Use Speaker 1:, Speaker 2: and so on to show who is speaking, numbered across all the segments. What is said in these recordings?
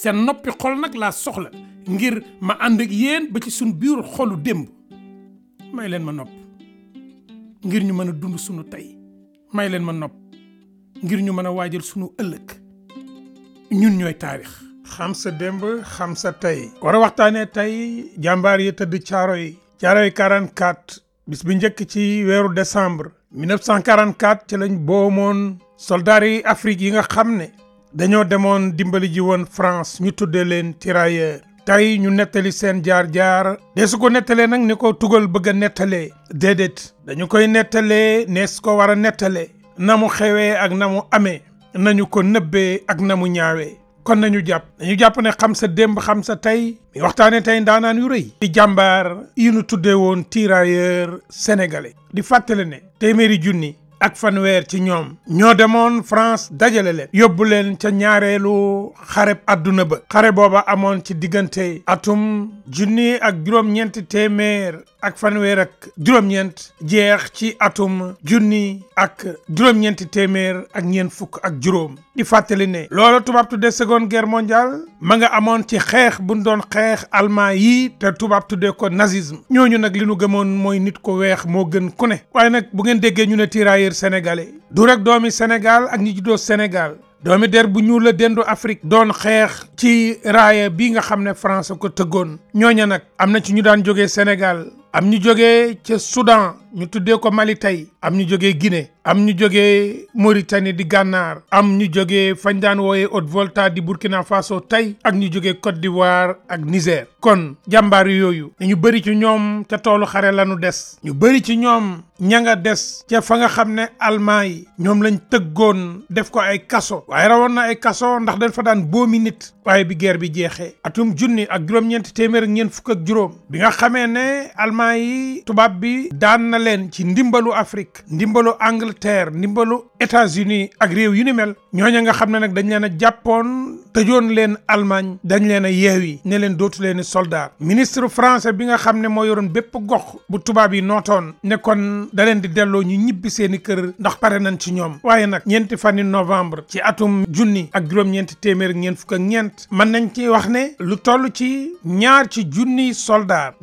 Speaker 1: seen noppi xol nag laa soxla ngir ma ànd ak yéen ba ci suñ biir xolu démb may leen ma nopp ngir ñu mën a dund sunu tey may leen ma nopp ngir ñu mën a waajal sunu ëllëg ñun ñooy taarix. xam sa démb xam sa tey. war a waxtaanee tey jàmbaar yi tëdd caaro yi. caaro yi 44 bis bi njëkk ci weeru decembre décembre. 1944 ci lañ boo moon yi Afrique yi nga xam ne. dañoo demoon dimbali ji woon France ñu tuddee leen tirailleur tey ñu nettali seen jaar-jaar de su ko nettalee nag ni ko tugal bëgg a nettalee déedéet dañu koy nettalee ne su ko war a nettalee na mu xewee ak na mu amee nañu ko nëbbee ak na mu ñaawee kon nañu jàpp nañu jàpp ne xam sa démb xam sa tey mi waxtaane tey ndaanaan yu rëy di jàmbaar yi ñu tuddee woon tirailleur sénégalais di fàttale ne téeméeri junni ak fanweer ci ñoom ñoo demoon France dajale leen yóbbu leen ca ñaareelu xareb adduna ba xare booba amoon ci diggante atum junni ak juróom-ñeenti téeméer ak fanweer ak juróom-ñeent jeex ci atum junni ak juróom-ñeenti téeméer ak ñeent fukk ak juróom di fàttali ne loolu tubaab tuddee seconde guerre mondiale ma nga amoon ci xeex bu nu doon xeex allemand yi te tubaab tuddee ko nazisme ñooñu nag li nu gëmoon mooy nit ko weex moo gën ku ne waaye nag bu ngeen déggee ñu ne tirailleur sénégalais du rek doomi Sénégal ak ñi juddoo Sénégal doomi der bu ñuul la dendu Afrique doon xeex ci raaya bi nga xam ne France ko tëggoon nag am na ci ñu daan jógee Sénégal am ñu jógee ca Soudan ñu tuddee ko Mali tey am ñu jógee Guinée am ñu jógee Mauritanie di Gànnaar am ñu jógee fañ daan wooyee Haute-Volta di Burkina Faso tey ak ñu jógee Côte d'Ivoire ak Niger kon jàmbaar yooyu ñu bëri ci ñoom ca toolu xare lañu des ñu bëri ci ñoom ña nga des ca fa nga xam ne almaa yi ñoom lañ tëggoon def ko ay kaso waaye rawoon na ay kaso ndax dañ fa daan boomi nit waaye bi geer bi jeexee atum junni ak juróom-ñeenti téeméer ak ñeent fukk ak juróom bi nga xamee ne na leen ci ndimbalu Afrique ndimbalu Angleterre ndimbalu États-Unis ak réew yu ni mel ñooña nga xam ne nag dañ leen a jàppoon tëjoon leen Allemagne dañ leen a yeewi ne leen dootu leen soldat ministre français bi nga xam ne moo yoroon bépp gox bu tubaab yi nootoon ne kon da leen di delloo ñu ñibbi seeni kër ndax pare nañ ci ñoom waaye nag ñeenti fani novembre ci atum junni ak juróom-ñeenti téeméer ñeent fukk ak ñeent mën nañ ci wax ne lu toll ci ñaar ci junniy soldat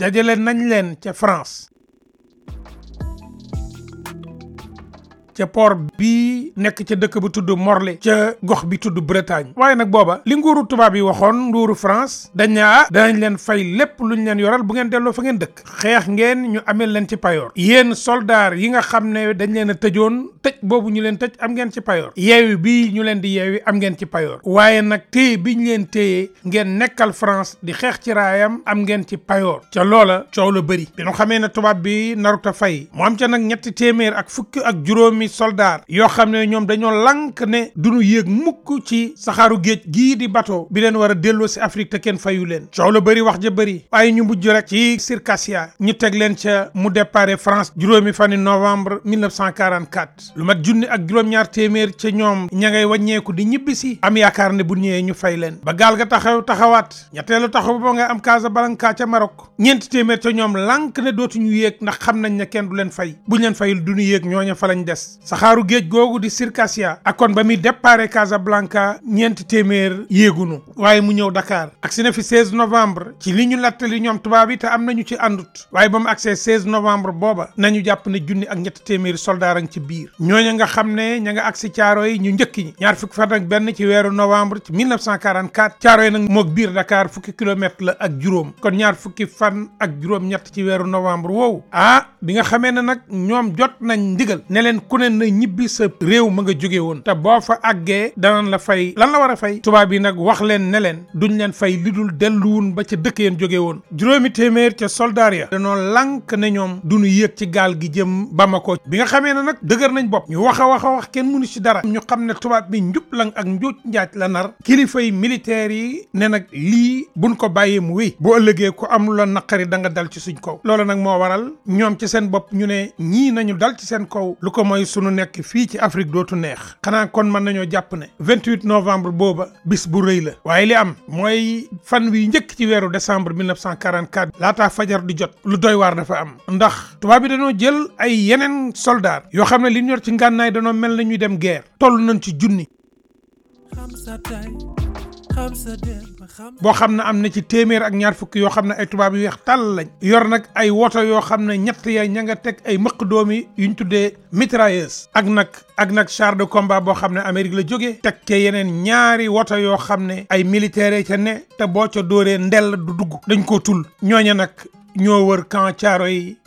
Speaker 1: ca port bii nekk ca dëkk ba tudd Morle ca gox bi tudd Bretagne waaye nag booba li nguuru tubaab yi waxoon nguuru France dañ ne ah danañ leen fay lépp lu luñ leen yoral bu ngeen delloo fa ngeen dëkk xeex ngeen ñu amee leen ci payoor yéen soldaar yi nga xam ne dañ leen a tëjoon tëj boobu ñu leen tëj am ngeen ci payoor yeewi bi ñu leen di yeewi am ngeen ci payoor waaye nag téye bi ñu leen téye ngeen nekkal France di xeex ci raayam am ngeen ci payoor ca loola coow la bëri bi ñu xamee ne tubaab bi narut a mu am ca nag ñetti téeméer ak fukki ak juróomi juróomi soldaar yoo xam ne ñoom dañoo lank ne du duñu yéeg mukk ci saxaaru géej gii di bato bi leen war a delloo si Afrique te kenn fayu leen soo la bëri wax ja bëri waaye ñu mujj rek ci Circassia ñu teg leen ca mu dépare France juróomi fani novembre 1944 lu mat junni ak juróom-ñaar téeméer ca ñoom ña ngay wàññeeku di ñibbi si am yaakaar ne bu ñëwee ñu fay leen ba gaal ga taxaw taxawaat ñetteelu taxaw ba nga am Casablanca ca Maroc ñeenti téeméer ca ñoom lank ne dootuñu yéeg ndax xam nañ ne kenn du leen fay buñ leen fayul duñu yéeg ñooña fa lañ des Thiès saxaaru géej googu di Circassia ak kon ba muy déparé Casablanca ñeenti téeméer yéegunu waaye mu ñëw Dakar agsi na fi 16 novembre ci li ñu lattali ñoom tubaab yi te am nañu ci àndut waaye ba mu agsee 16 novembre booba nañu jàpp ne junni ak ñetti téeméeri soldaar ci biir ñooña nga xam ne ña nga agsi caaro yi ñu njëkk ñi ñaar fukki fan ak benn ci weeru novembre ci 1944 caaro yi nag moog biir Dakar fukki kilomètre la ak juróom kon ñaar fukki fan ak juróom ñett ci weeru novembre woowu ah bi nga xamee ne nag ñoom jot nañ ndigal ne na ñibbi sa réew ma nga jóge woon te boo fa àggee danañ la fay lan la war a fay tubaab yi nag wax leen ne leen duñ leen fay lu dul delluwun ba ca dëkk yéen jóge woon juróomi téeméer ca soldaar ya danoo lànk ne ñoom duñu yéeg ci gaal gi jëm ba ma Bamako bi nga xamee ne nag dëgër nañ bopp ñu wax a wax a wax kenn mënu ci dara ñu xam ne tubaab bi njub lang ak njuuj njaaj la nar kilifa yi militaires yi ne nag lii buñ ko bàyyee mu wéy bu ëllëgee ko am lu la da nga dal ci suñ kaw loolu nag moo sunu nekk fii ci Afrique dootu neex xanaa kon mën nañoo jàpp ne 28 novembre booba bis bu rëy la waaye li am mooy fan wi njëkk ci weeru décembre 1944 laataa fajar di jot lu doy waar dafa am ndax tubaab bi dañoo jël ay yeneen soldaar yoo xam ne li ñu ci ngànnaay dañoo mel na ñuy dem guerre toll nañu ci junni boo xam ne am na ci téeméer ak ñaar fukki yoo xam ne ay tubaab yu weex tàll lañ yor nag ay woto yoo xam ne ñett ya ña nga teg ay mëq doomi ñu tuddee mitrailleuse ak nag ak nag char de combat boo xam ne Amérique la jóge teg ca yeneen ñaari woto yoo xam ne ay militaire ca ne te boo ca dóoree ndell du dugg dañ ko tul ñooña nag ñoo wër camp caaro yi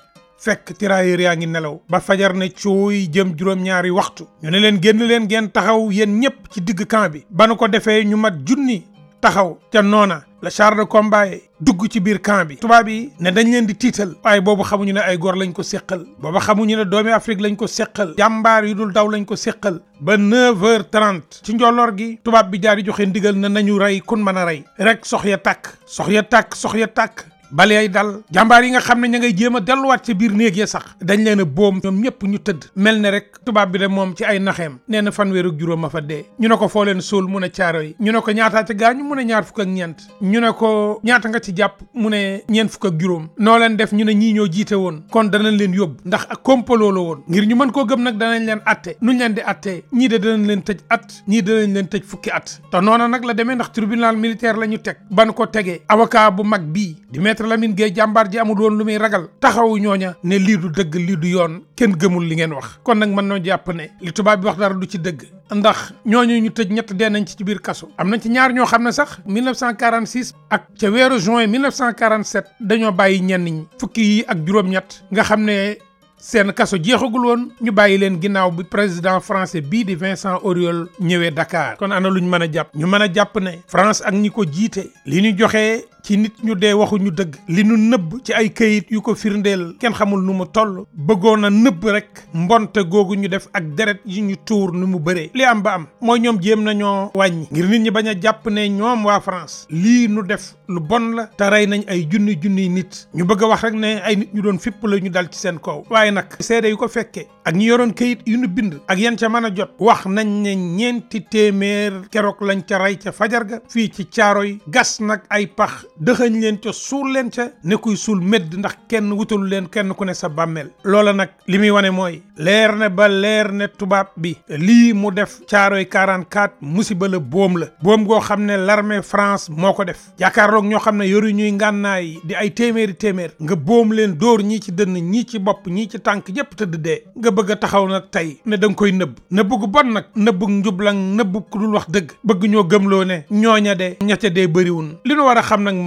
Speaker 1: fekk tirailleurs yaa ngi nelaw ba fajar ne cooy jëm juróom-ñaari waxtu ñu ne leen génn leen ngeen taxaw yéen ñëpp ci digg camp bi ba ko defee ñu mat junni taxaw ca noona la char de combat yi dugg ci biir camp bi tubaab yi ne dañ leen di tiital waaye boobu xamuñu ne ay gor lañ ko séqal booba xamuñu ne doomi Afrique lañ ko séqal jàmbaar yu dul daw lañ ko séqal ba 9 heures ci njolloor gi tubaab bi jaar di joxe ndigal na nañu rey kun mën a rey rek sox ya tàkk sox ya tàkk sox ya tàkk bale ay dal jàmbaar yi nga xam ne ña ngay jéem delluwaat ca biir néeg ya sax dañ leen a boom ñoom ñëpp ñu tëdd mel ne rek tubaab bi de moom ci ay naxeem nee na fanweer ak juróom a fa dee ñu ne ko foo leen suul mun a caaro ñu ne ko ñaataa ci gaañu mun ñaar fukk ak ñeent ñu ne ko ñaata nga ci jàpp mu ne ñeent fukk ak juróom noo leen def ñu ne ñii ñoo jiite woon kon danañ leen yóbbu ndax ak kompaloo woon ngir ñu mën koo gëm nag danañ leen atte nuñ leen di attee ñii de danañ leen tëj at ñii danañ leen tëj fukki at te noona nag la demee ndax tribunal militaire la ñu teg ban ko tegee avocat bu mag bii maître Lamine Gueye jàmbaar ji amul woon lu muy ragal taxawu ñooña ne lii du dëgg lii du yoon kenn gëmul li ngeen wax kon nag mën noo jàpp ne li tubaab bi wax dara du ci dëgg ndax ñooñu ñu tëj ñett dee nañ ci ci biir kaso am nañ ci ñaar ñoo xam ne sax 1946 ak ca weeru juin 1947 dañoo bàyyi ñenn ñi fukki ak juróom nga xam ne seen kaso jeexagul woon ñu bàyyi leen ginnaaw bi président français bii di Vincent Auriol ñëwee Dakar kon ana ñu mën a jàpp ñu mën a jàpp ne France ak ñi ko jiite li ñu joxe ci nit ñu dee waxuñu dëgg li nu nëbb ci ay këyit yu ko firndeel kenn xamul nu mu toll bëggoon a nëbb rek mbonte googu ñu def ak deret yi ñu tuur nu mu bëree li am ba am mooy ñoom jéem nañoo wàññi ngir nit ñi bañ a jàpp ne ñoom waa France lii nu def lu bon la te rey nañ ay junni junniy nit ñu bëgg a wax rek ne ay nit ñu doon fipp la ñu dal ci seen kaw waaye nag seede yu ko fekkee ak ñi yoroon këyit yu nu bind ak yan ca mën a jot wax nañ ne ñeenti téeméer keroog lañ ca rey ca fajar ga fii ci caaro yi gas nag ay pax dëxëñ leen ca suul leen ca ne kuy suul medd ndax kenn wutalu leen kenn ku ne sa bàmmeel loola nag li muy wane mooy leer ne ba leer ne tubaab bi lii mu def caaroy 44 musiba la boom la boom goo xam ne larme France moo ko def jàkkaarloog ñoo xam ne yoru ñuy ngànnaay di ay téeméeri téeméer nga boom leen dóor ñii ci dënn ñii ci bopp ñii ci tànk ñëpp tëdd dee nga bëgg taxaw nag tey ne da nga koy nëbb nëbb gu bon nag nëbb njublang nëbb ku dul wax dëgg bëgg gëmloo ne ñooña ña ca dee bëriwun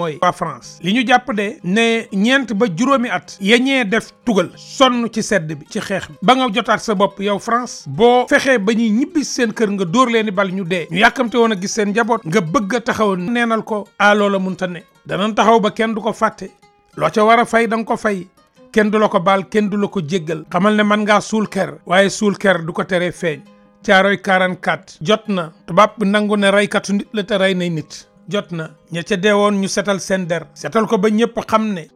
Speaker 1: mooy waa France li ñu jàpp de ne ñeent ba juróomi at yeñee def tugal sonn ci sedd bi ci xeex bi ba nga jotaat sa bopp yow France boo fexee ba ñuy ñibbi seen kër nga dóor leen i bal ñu dee ñu yàkkamte woon a gis seen njaboot nga bëgg a taxaw neenal ko a mun munta ne danañ taxaw ba kenn du ko fàtte loo ca war a fay da nga ko fay kenn du la ko baal kenn du la ko jéggal xamal ne man ngaa suul ker waaye suul ker du ko teree feeñ caaroy 44 jot na tubaab bi nit jot na ña ca deewoon ñu setal seen der setal ko ba ñëpp xam ne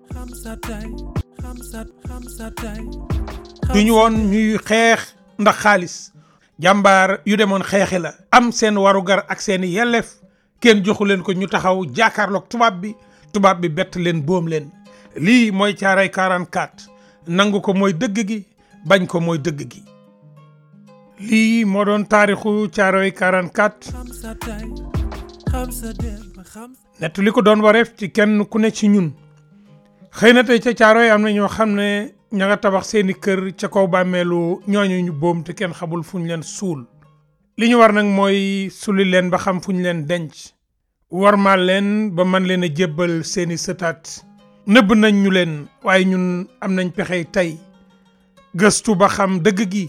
Speaker 1: duñu woon ñuy xeex ndax xaalis jàmbaar yu demoon xeexi la am seen warugar ak seeni yelleef kenn joxu leen ko ñu taxaw jaakaarloog tubaab bi tubaab bi bett leen boom leen lii mooy caaray 44 nangu ko mooy dëgg gi bañ ko mooy dëgg gi lii moo doon taarixu caaray 44 nett li ko doon wareef ci kenn ku ne ci ñun xëy na tey ca caaro yi am na ñoo xam ne ña nga tabax seeni kër ca kaw bàmmeelu ñooñu ñu boom te kenn xamul fu ñu leen suul li ñu war nag mooy suli leen ba xam fu ñu leen denc warmaal leen ba man leen a jébbal seeni sëtaat nëbb nañ ñu leen waaye ñun am nañ pexey tey gëstu ba xam dëgg gi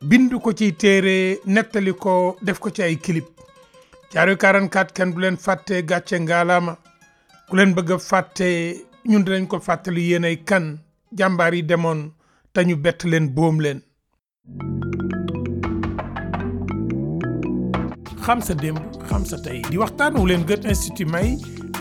Speaker 1: bind ko ci téere nettali ko def ko ci ay kilip Caaroy 44 kenn du leen fàtte gàcce ngaalaama ku leen bëgg a fàtte ñun dinañ ko fàttali yéen ay kan jàmbaar yi demoon te ñu bett leen boom leen. xam sa démb xam sa tey di waxtaan wu leen Goethe may.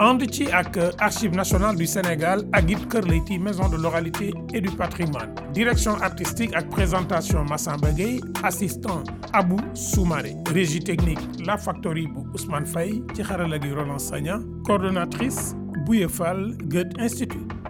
Speaker 1: ànd ci ak archive national du Sénégal ak it Kër Leyti maison de l'oralité et du patrimoine direction artistique ak présentation Massamba Gueye assistant Abou Soumaré régie technique la Factory bu Ousmane Faye ci xarala gi Roland Sagna coordonnatrice Bouye Fall Goethe Institut